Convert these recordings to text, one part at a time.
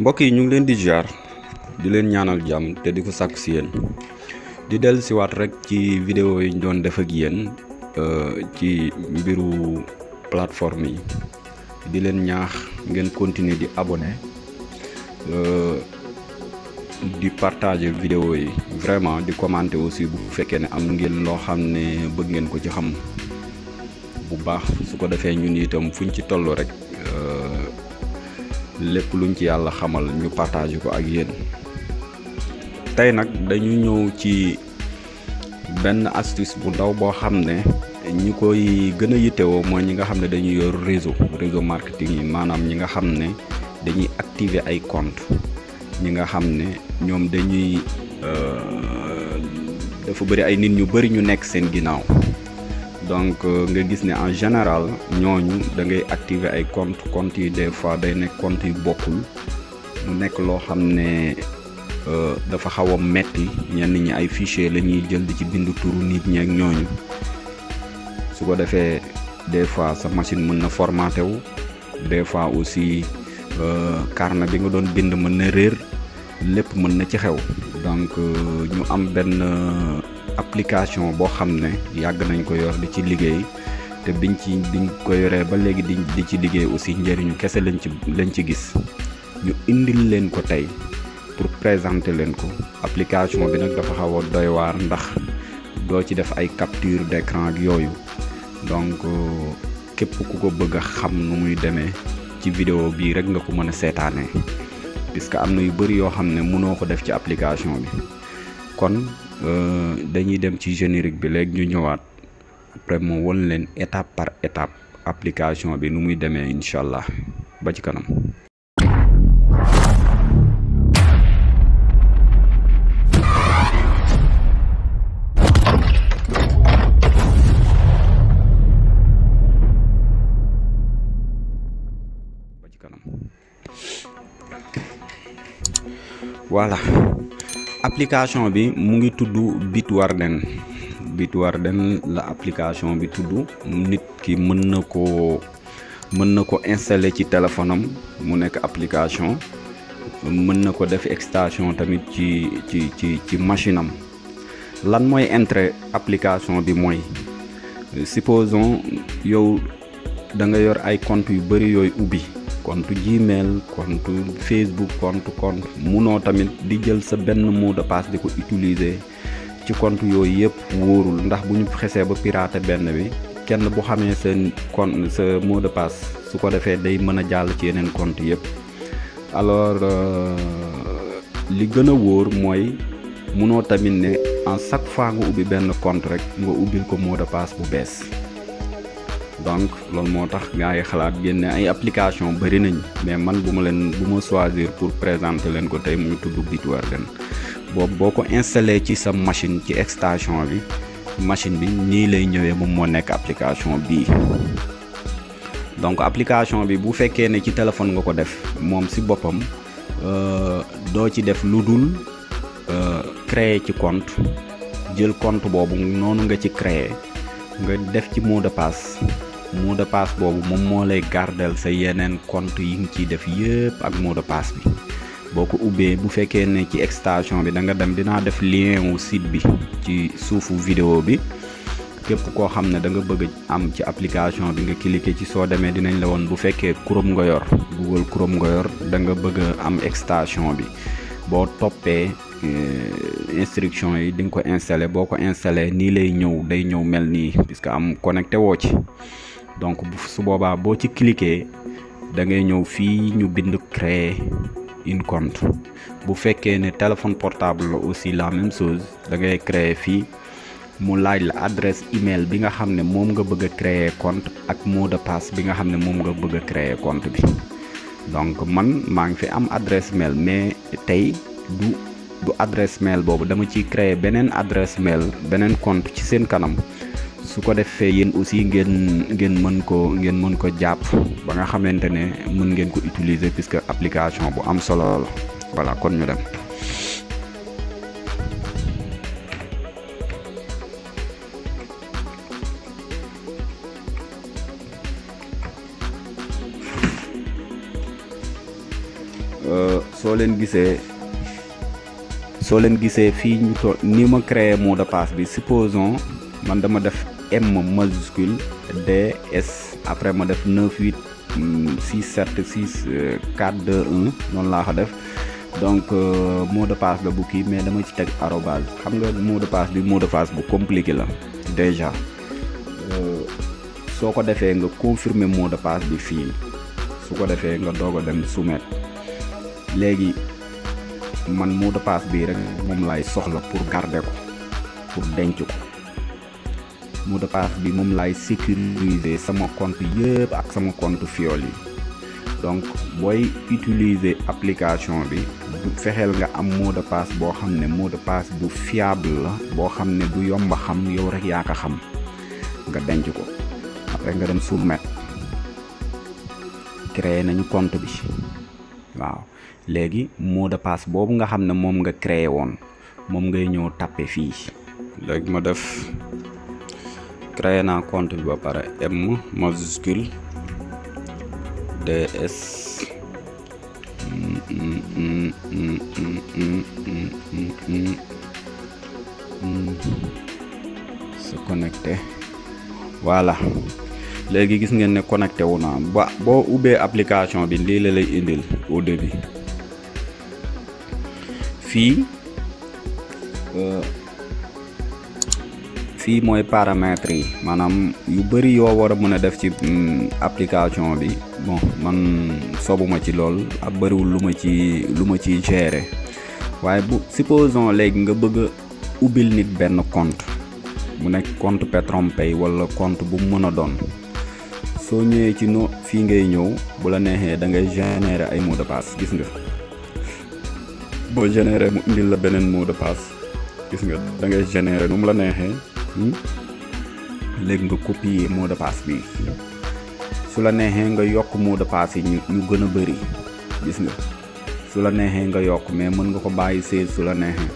mbokk yi ñu ngi leen di ziar di leen ñaanal jàmm te di ko sàkk si yéen di dellu siwaat rek ci vidéo yi ñu doon def ak yéen euh, ci mbiru plateforme yi di leen ñaax ngeen continuer di abonné euh, di partage vidéo yi vraiment di commenter aussi bu fekkee ne am ngeen loo xam ne bëgg ngeen ko ci xam bu baax su ko defee ñun itam fuñ ci toll rek. Euh, lépp luñ ci yàlla xamal ñu partage ko ak yéen tey nag dañu ñëw ci benn astuce bu ndaw boo xam ne ñi koy gën a woo mooy ñi nga xam ne dañuy yor réseau réseau marketing yi maanaam ñi nga xam ne dañuy activer ay compte ñi nga xam ne ñoom dañuy euh, dafa bëri ay nit ñu bëri ñu nekk seen ginnaaw donc euh, nga gis ni en général ñooñu da ngay activer ay compte compte yi des fois day nekk compte yu bokkul mu nekk loo xam ne euh, dafa xaw a metti ñenn ñi ay fichier la ñuy jël di ci bindu turu nit ñi ak ñooñu su ko defee des fois sa machine mën na formaté wu des fois aussi euh, carnet bi nga doon bind mën na réer lépp mën na ci xew donc ñu am benn application boo xam ne yàgg nañ ko yor di ci liggéey te biñ ci biñ ko yoree ba léegi di di ci liggéey aussi njëriñu kese lañ ci lañ ci gis ñu indil leen ko tey pour présenter leen ko application bi nag dafa xaw doy waar ndax doo ci def ay capture d'écran ak yooyu donc képp ku ko bëgg a xam nu muy demee ci vidéo bii rek nga ko mën a seetaanee puisque am na yu bëri yoo xam ne mënoo ko def ci application bi kon Euh, dañuy dem ci générique bi léegi ñu ñëwaat après moo won leen étape par étape application bi nu muy demee incha allah ba ci kanam. voilà application bi mu ngi tudd Bitwarden Bitwarden la application bi tudd nit ki mën na koo mën na ko installer ci téléphone mu nekk application mën na ko def extension tamit ci ci ci ci machine am lan mooy intérêt application bi mooy supposons yow da nga yor ay compte yu bëri yooyu ubbi compte Gmail compte Facebook compte compte munoo tamit di jël sa benn mot de passe di ko utiliser ci compte yooyu yëpp wóorul ndax bu ñu xesee ba pirater benn bi kenn bu xamee sa compte sa mot de passe su ko defee day mën a jàll ci yeneen compte yëpp alors euh, li gën a wóor mooy mënoo tamit ni en chaque fois nga ubbi benn compte rek nga ubbil ko mot de passe bu bees. donc loolu moo tax gars yi xalaat génne ay application bëri nañ mais man bu ma leen bu ma choisir pour présenter leen ko tey mu ngi tudd Bitwarden boobu boo ko installé ci sa machine ci extension bi machine bi nii lay ñëwee moom moo nekk application bii donc application bi bu fekkee ne ci téléphone nga ko def moom si boppam euh, doo ci def lu dul euh, créer ci compte jël compte boobu noonu nga ci créer nga def ci mot de passe mot de boobu moom moo lay gardel sa yeneen compte yi nga ciy def yëpp ak mot de bi boo ko ubbee bu fekkee ne ci extension bi danga dem dinaa def lien wu site bi ci suufu video bi képp koo xam ne da nga bëgg am ci application bi nga cliquer ci soo demee dinañ la woon bu fekkee Chrome nga yor Google Chrome nga yor da nga bëgg am extension bi boo toppee euh, instruction yi di nga ko installé boo ko installé nii lay ñëw day ñëw mel nii puisque am connecté woo ci donc su boobaa boo ci cliquer da ngay ñëw fii ñu bind créer une compte bu fekkee ne téléphone portable la aussi la même chose da ngay créer fii mu laaj la adresse email bi nga xam ne moom nga bëgg a créer compte ak mot de passe bi nga xam ne moom nga bëgg a créer compte bi donc man maa ngi fi am adresse mail mais tey du du adresse mail boobu dama ciy créer beneen adresse mail beneen compte ci seen kanam su ko defee yéen aussi ngeen ngeen mën ko ngeen mën ko jàpp ba nga xamante ne mën ngeen ko utiliser puisque application bu am solo la voilà kon ñu dem. Euh, soo leen gisee soo leen gisee fii ñu to ni ma créer moo de passe bi supposons man dama def. M majuscule D S après ma def 9 8 6 7 6 4 de 1 noonu laa ko def donc euh, mot de passe la bu kii mais dama ci teg arrobase xam nga mot de passe bi mot de bu compliqué la déjà euh, soo ko defee nga confirmer mot de passe bi fii su ko defee nga doog a dem soumettre léegi man mot de bii rek moom laay soxla pour garder ko pour denc ko. mot de passe bi moom laay sécuriser sama compte yëpp ak sama compte Fiol yi donc booy utiliser application bi fexeel nga am mot de boo xam ne mot de passe bu fiable la boo xam ne bu yomb a xam yow rek yaa ko xam nga denc ko après nga dem soumettre créer nañu compte bi waaw léegi mot de boobu nga xam ne moom nga créé woon moom ngay ñëw tappe fii léegi ma def créé naa compte bi ba pare m majuscule ds se connecté léegi gis ngeen ne connecté wu naa ba boo ubbee application bi lii lay indil au début fii euh, fii mooy paramètres yi maanaam yu bëri yoo war a mën a def ci mm, application bi bon man sobuma ci lool ab bariwul lu ma ci lu ma ci gérer waaye bu siposon léegi nga bëgg a ubbil nit benn compte mu nekk compte PetronPay wala compte bu mu mën a doon soo ñëwee ci no fii ngay ñëw bu la neexee da ngay générer ay mot de passe gis nga boo générer mu indil la beneen mot de passe gis nga da ngay générer nu mu la neexee nii léegi nga copier mot de passe bi su la neexee nga yokk mot de passe yi ñu gën a bëri gis nga su la neexee nga yokk mais mën nga ko bàyyi 16 su la neexee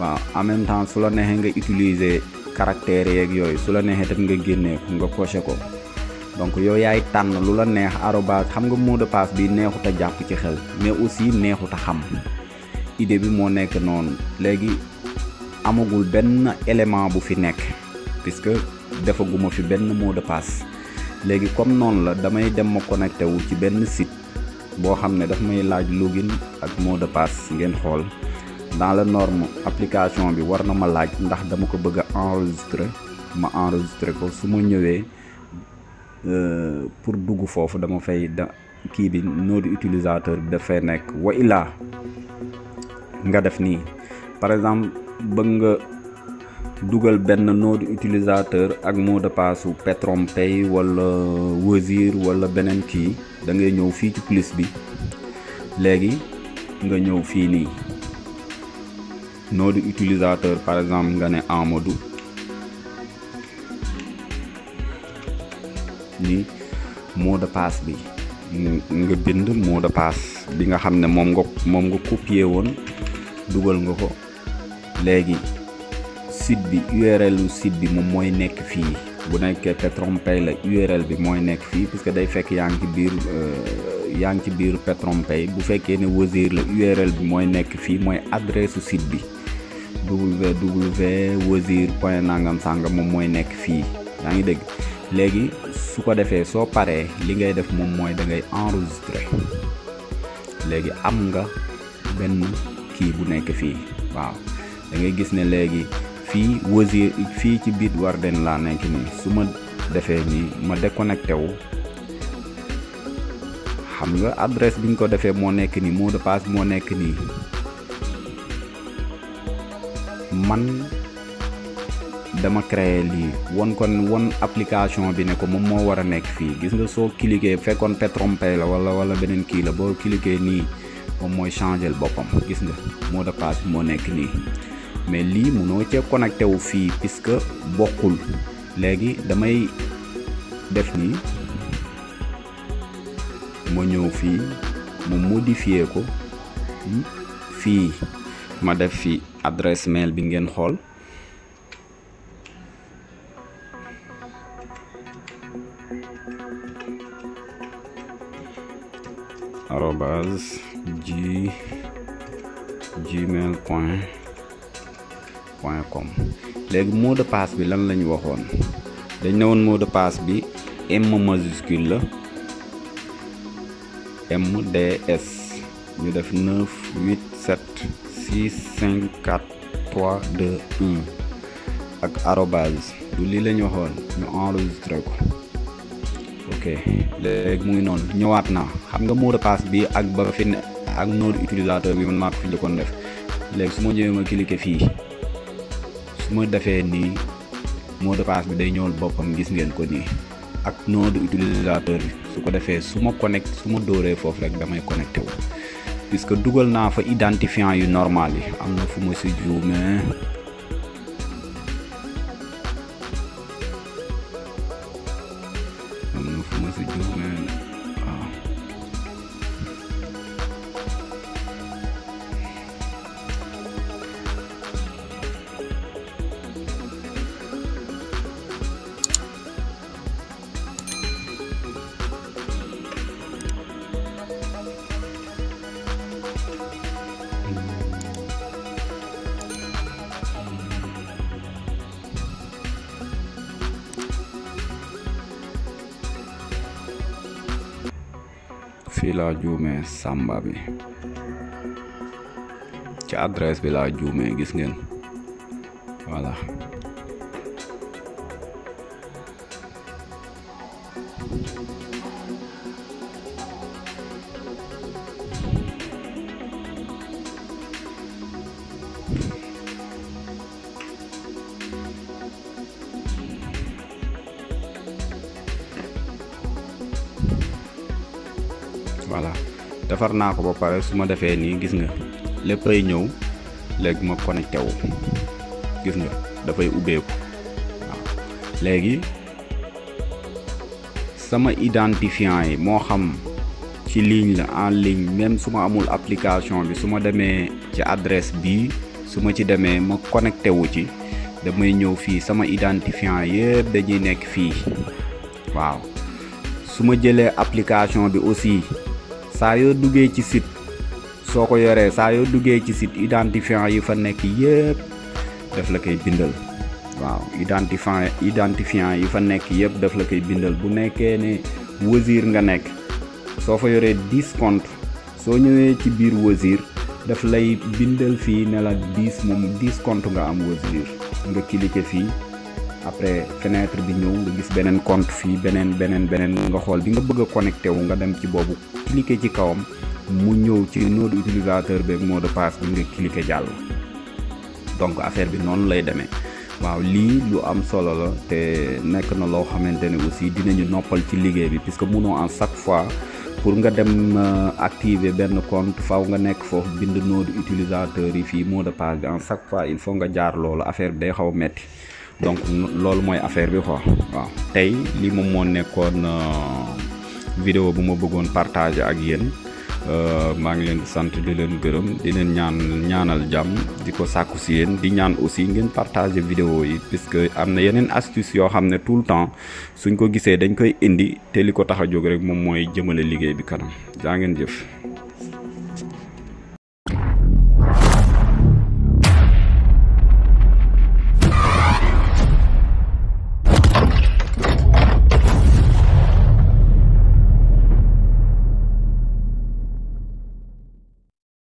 waaw en même temps su la neexee nga utiliser caractères yeeg yooyu su la neexee tamit nga génnee ko nga coché ko donc yow yaay tànn lu la neex arobase xam nga mot de passe bi neexut a jàpp ci xel mais aussi neexut a xam idée bi moo nekk noonu léegi. amagul benn élément bu fi nekk puisque defaguma fi benn mot de passe léegi comme noonu la damay dem ma connecté wu ci benn site boo xam ne daf may laaj login ak mot de passe ngeen xool dans la norme application bi war na ma laaj ndax dama ko bëgg a enregistrer ma enregistrer ko su ma ñëwee euh, pour dugg foofu dama fay da kii bi noo di utilisateur bi dafay nekk wa ilaa nga def nii par exemple bëgg nga dugal benn nom utilisateur ak mot de passe su PetronPay wala Wozur wala beneen kii da ngay ñëw fii ci plus bi léegi nga ñëw fii nii nom utilisateur par exemple nga ne Amadou ni mot de passe bi nga bind mot de bi nga xam ne moom nga moom nga copier woon dugal nga ko. léegi site bi url u site bi moom mooy nekk fii bu nekkee PetronPay la url bi mooy nekk fii que day fekk yaa ngi ci biir euh, yaa ngi ci biir PetronPay bu fekkee ne Wozur la url bi mooy nekk fii mooy adresse u site bi www.wozur.nangam-sangam moom mooy nekk fii yaa ngi dégg léegi su ko defee soo paree li ngay def moom mooy da ngay enregistrer léegi am nga benn kii bu nekk fii waaw da ngay gis ne léegi fii Wozir fii ci biir Warden laa nekk nii su ma defee nii ma déconnecté wu xam nga adresse bi ñu ko defee moo nekk nii mot de passe moo nekk nii man dama créé lii won kon won application bi ne ko moom moo war a nekk fii gis nga soo cliquer fekkoon te trompé la wala wala beneen kii la boo cliquer nii moom mooy changer boppam gis nga mot de passe moo nekk nii mais lii munoo cee connecté wu fii puisque bokkul léegi damay def ni ma ñëw fii mu modifier ko fii ma def fi adresse mail bi ngeen xool arobase g gmail point com léegi mot passe bi lan la ñu waxoon dañ ne woon mot passe bi M majuscule la MDS ñu def 9 8 7 6 5 4 3 2 ak arobase du lii la ñu waxoon ñu enregistré ko léegi mu ngi noonu ñëwaat naa xam nga mot de passe bi ak ba fi ne ak noo utilisateur bi man maa ko fi njëkkoon def léegi su ma ñëwee ma cliqué fii su ma defee nii moo de passe bi day ñëwal boppam gis ngeen ko nii ak nom de utilisateur su ko defee su ma connect su ma dóoree foofu rek damay connecté wu puisque dugal naa fa identifiant yu normal yi am na fu ma si juumee fii laa juume sàmba bi ci adresse bi laa juumee gis ngeen voilà voilà defar naa ko ba pare su ma defee nii gis nga lépp léppay ñëw léegi ma connecté wu gis nga dafay ubbeeku waaw léegi sama identifiant yi moo xam ci ligne la en ligne même su ma amul application bi su ma demee ci adresse bi su ma ci demee ma connecté wu ci damay ñëw fii sama identifiant yëpp dañuy nekk fii waaw su ma jëlee application bi aussi saa yoo duggee ci sit soo ko yoree saa yoo duggee ci site identifiant yi fa nekk yëpp daf la koy bindal waaw identifiant identifiant yi fa nekk yëpp daf la koy bindal bu nekkee ne Wozur nga nekk soo fa yoree dix compte soo ñëwee ci biir Wozur daf lay bindal fii ne la dix moom dix compte nga am Wozur nga cliquer fii après fenêtre bi ñëw nga gis beneen compte fii beneen beneen beneen nga xool bi nga bëgg a connecté wu nga dem ci boobu cliqué ci kawam mu ñëw ci node utilisateur beeg mot de passe bi nga cliqué jàll. donc affaire bi noonu lay demee waaw lii lu am solo la te nekk na loo xamante ne aussi dinañu noppal ci liggéey bi puisque munoo en chaque fois. pour nga dem euh, activer benn compte faw nga nekk foofu bind noo di utilisateur yi fii mot de passe bi en chaque fois il faut nga jaar loolu affaire bi day xaw metti donc loolu mooy affaire bi quoi waaw tey lii moom moo nekkoon euh, video bu ma bëggoon partager ak yéen euh, maa ngi leen sant di leen gërëm di leen ñaan ñaanal jàmm di ko sàkku si yéen di ñaan aussi ngeen partage vidéo yi que am na yeneen astuce yoo xam ne tout le temps suñ ko gisee dañ koy indi te li ko tax a jóg rek moom mooy jëmale liggéey bi kanam jaa ngeen jëf